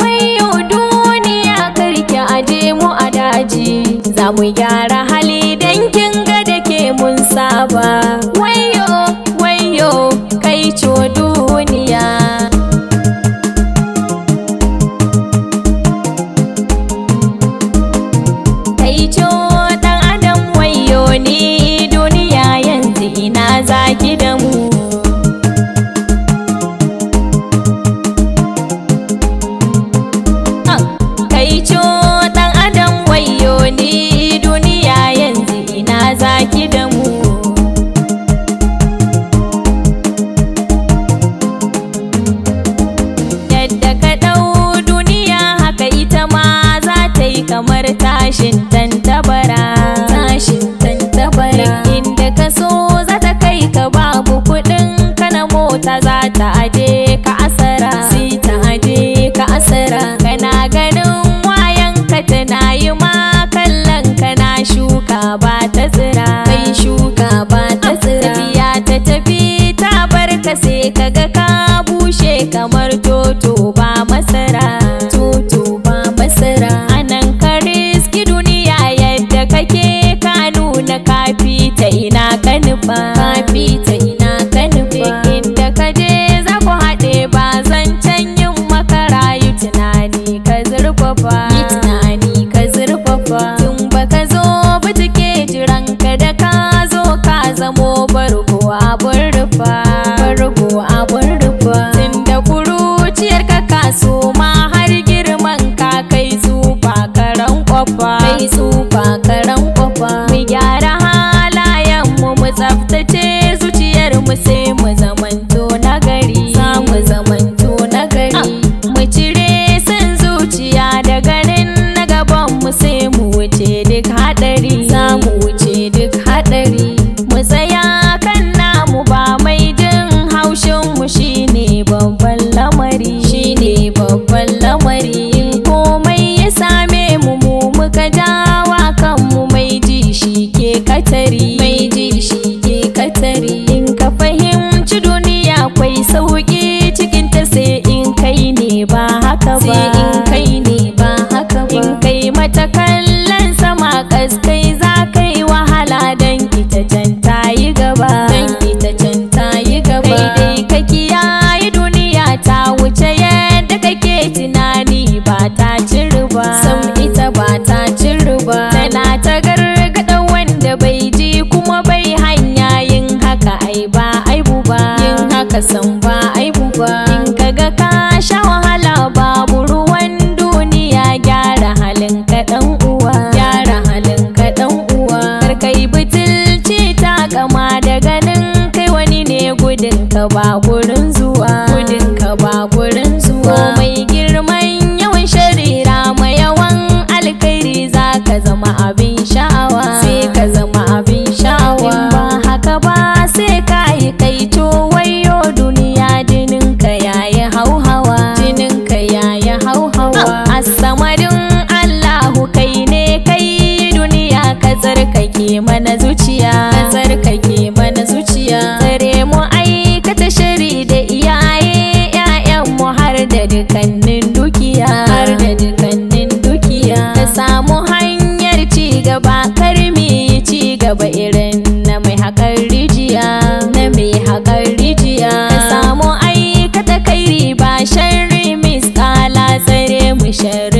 wayo duniya karki aje mu a daji za mu gyara hali don kin ga da ke mun saba wayo wayo kai co duniya zaki kaskai za ka yi wahala don kita can ta yi gaba daidai kake ya yi duniya ta wuce yadda kake tunani ba ta ciri sam ita ba ta ciri tana ta gargada wanda bai ji kuma bai hanya yin haka ai ba aibu ba yin haka sam ba aibu ba mai ci gaba irin na mai haƙar rijiya na mai haƙar rijiya ka samu aikata kairi ba sharri misƙala tsare mu sharri